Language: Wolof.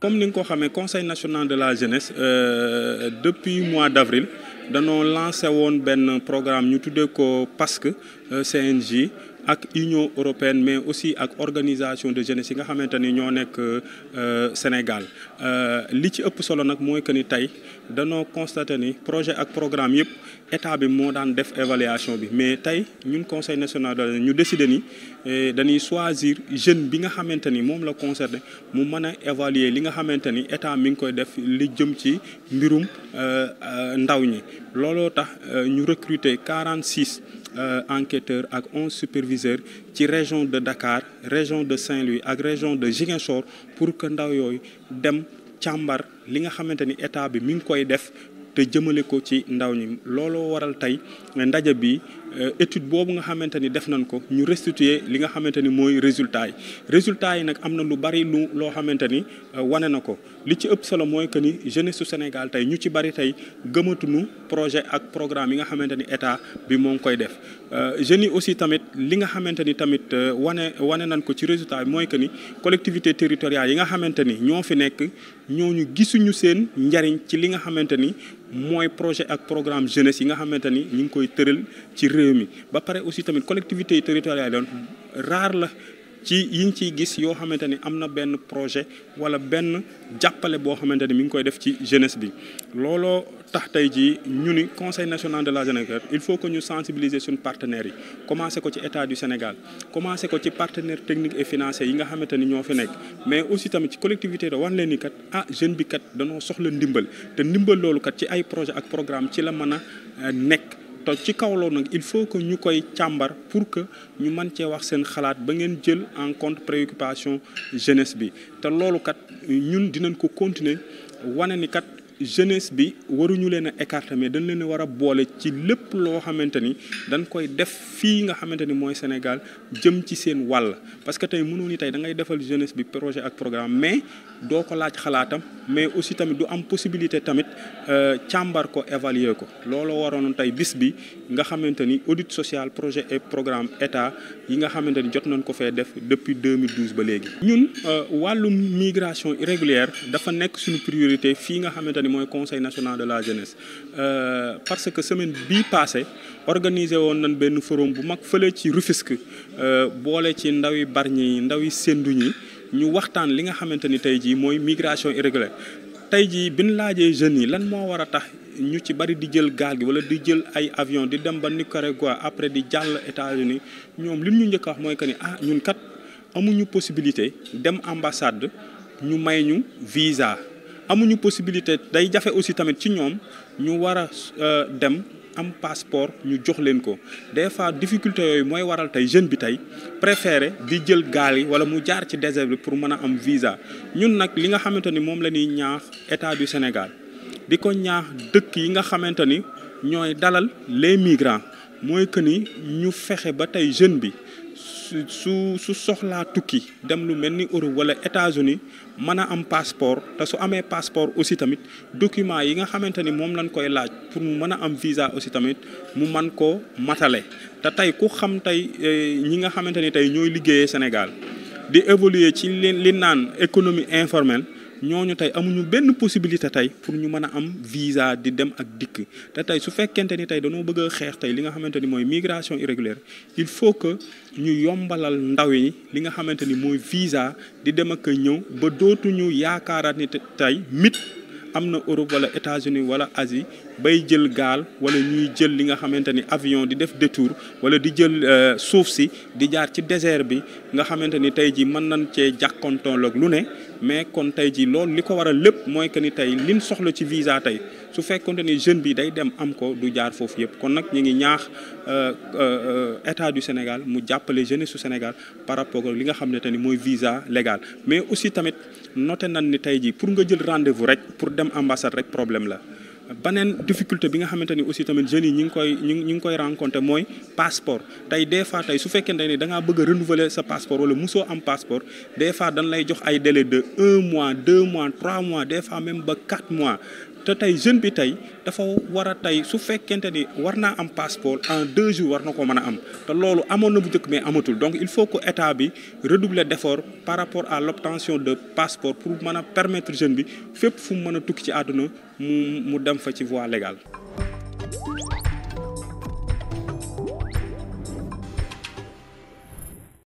comme ni nga ko xamee conseil national de la jeunesse euh, depuis mois d'avril danoo lancé woon benn programme ñu tuddee ko PASC e CNJ ak Union européenne mais aussi ak organisation de jeunesse yi nga xamante ni ñoo nekk euh, Sénégal euh, li ci ëpp solo nag mooy que ni tey danoo constaté ni projet ak programme yëpp état bi moo daan def évaluation bi mais tey ñun conseil national de ñu décider ni eh, dañuy choisir jeune bi nga xamante ni moom la concerné mu mën a évaluer li nga xamante ni état mi ngi koy def li jëm ci mbirum euh, ndaw ñi looloo tax ñu recruter 46. Euh, enquêteurs ak onze superviseur ci région de dacar région de Saint-Louis ak région de Ziguinchor pour que ndaw yooyu dem càmbar li nga xamante ni état bi mi ngi koy def te jëmale ko ci ndaw ñi looloo waral tey ndaje bi. Euh, étude boobu nga xamante ni def nañ ko ñu restituer li nga xamante ni mooy résultat yi résultat yi nag am na lu bari lu loo xamante ni euh, wane na ko li ci ëpp solo mooy que ni jeunesse su Sénégal tey ñu ci bari tey gëmatuñu projet ak programme yi nga xamante ni état bi moo ngi koy def euh, jeunes yi aussi tamit li nga xamante ni tamit wane wane nañ ko ci résultat bi mooy que ni collectivité territoriale yi nga xamante ni ñoo fi nekk ñooñu gisuñu seen njariñ ci li nga xamante ni mooy projet ak programme jeunesse yi nga xamante ni ñu ngi koy tëral ci réew mi ba pare aussi tamit collectivités territoriales yi doon raar la ci yiñ ciy gis yoo xamante ni am na benn projet wala benn jàppale boo xamante ni mi ngi koy def ci jeunesse bi looloo tax tey jii ñu ni conseil national de la jeunesse il faut que ñu sensibiliser suñu partenaires yi commencé ko ci état du Sénégal commencé ko ci partenaires technique et financiers yi nga xamante ni ñoo fi nekk mais aussi tamit ci collectivité da wan leen ni kat ah jeune bi kat danoo soxla loolu kat ci ay projet ak programme ci la mën a euh, nekk to ci kaw loolu nag il faut que ñu koy càmbar pour que ñu mën cee wax seen xalaat ba ngeen jël en compte préoccupation jeunesse bi te loolu kat ñun dinañ ko continuer wane ni kat jeunesse bi waruñu leen a mais dañ leen war a boole ci lépp loo xamante ni dañ koy def fii nga xamante ni mooy Sénégal jëm ci seen wàll parce que tey mënoo ni tey da ngay defal jeunesse bi projet ak programme mais doo ko laaj xalaatam mais aussi tamit du am possibilité tamit euh, càmbar ko évaluer ko loolu waroon tey bis bi nga xamante ni audit social projet et programme état yi nga xamante ni jot nañ ko fee def depuis 2012 ba léegi ñun euh, wàllum migration irrégulière dafa nekk suñu priorité fii nga xamante mooy conseil national de la jeunesse euh, parce que semaine bii passé organiser woon nañ benn forum bu mag fële ci Rufisque euh, boole ci ndaw yi Bargny ndaw yi Sénduñi ñu waxtaan li nga xamante ni tey jii mooy migration irrégulière tey jii bi laajee jeunes yi lan moo war a tax ñu ci bari di jël gaal gi wala di jël ay avion di dem ba Nicaragua après di jàll États-Unis ñoom li ñu njëkk a wax mooy que ni ah ñun kat amuñu possibilité dem ambassade ñu may ñu visa. amuñu possibilité day jafe aussi tamit ci ñoom ñu war a euh, dem am passeport ñu jox leen ko des fois difficulté yooyu mooy waral tey jeune bi tey préféré di jël gaal yi wala mu jaar ci désert bi pour mën a am visa ñun nag li nga xamante ni moom la ñuy ñaax état du Sénégal di ko ñaax dëkk yi nga xamante ni ñooy dalal les migrants mooy que ni ñu fexe ba tey jeune bi su su soxlaa tukki dem lu mel ni Europe wala États-Unis mën a am passeport te su amee passeport aussi tamit document yi nga xamante ni moom lañ koy laaj pour mu mën a am visa aussi tamit mu man ko matale te tey ku xam tey eh, ñi nga xamante ni tey ñooy liggéeyee Sénégal di évoluer ci li li naan économie informelle ñooñu tey amuñu benn possibilité tey pour ñu mën a am visa di dem ak dikk te tey su fekkente ni tey dañoo bëgg a xeex tey li nga xamante ni mooy migration irrégulière il faut que ñu yombalal ndaw yi li nga xamante ni mooy visa di dem ak ñëw ba dootuñu yaakaaraat ni tey mit am na Europe wala États-Unis wala asi bay jël gaal wala ñuy jël li nga xamante ni avion di def détour wala di jël euh, suuf si di jaar ci désert bi nga xamante ni tey ji mën nañ cee jàkkontooloog lu ne mais kon tey ji loolu li ko waral lépp mooy que ni tey lin soxla ci visa tey su fekkonte ni jeune bi day dem am ko du jaar foofu yëpp kon nag ñu ngi ñaax euh, euh, état du Sénégal mu jàppale jeunesse su Sénégal par rapport li nga xamante ni mooy visa légal mais aussi tamit noté nañ ni tey ji pour nga jël rendez-vous rek pour dem ambassade rek problème la beneen difficulté bi nga xamante ni aussi tamit jeunes yi ñu ngi koy ñu ngi ñu ngi koy rencontré mooy passeport tey des fois tey su fekkente ni da ngaa bëgg a sa passeport wala musoo am passeport des fois dañ lay jox ay délai de un mois deux mois trois mois des fois même ba quatre mois te tey jeune bi tey dafa war a tey su fekkente ni war naa am passeport en deux jours war na ko mën a am te loolu amoon na bu njëkk mais amatul donc il faut que état bi redoubler d'effort par rapport à l'obtention de passeport pour mën a permettre jeune bi fépp fu mu mën a tukki ci àdduna mu mu dem fa ci voie légale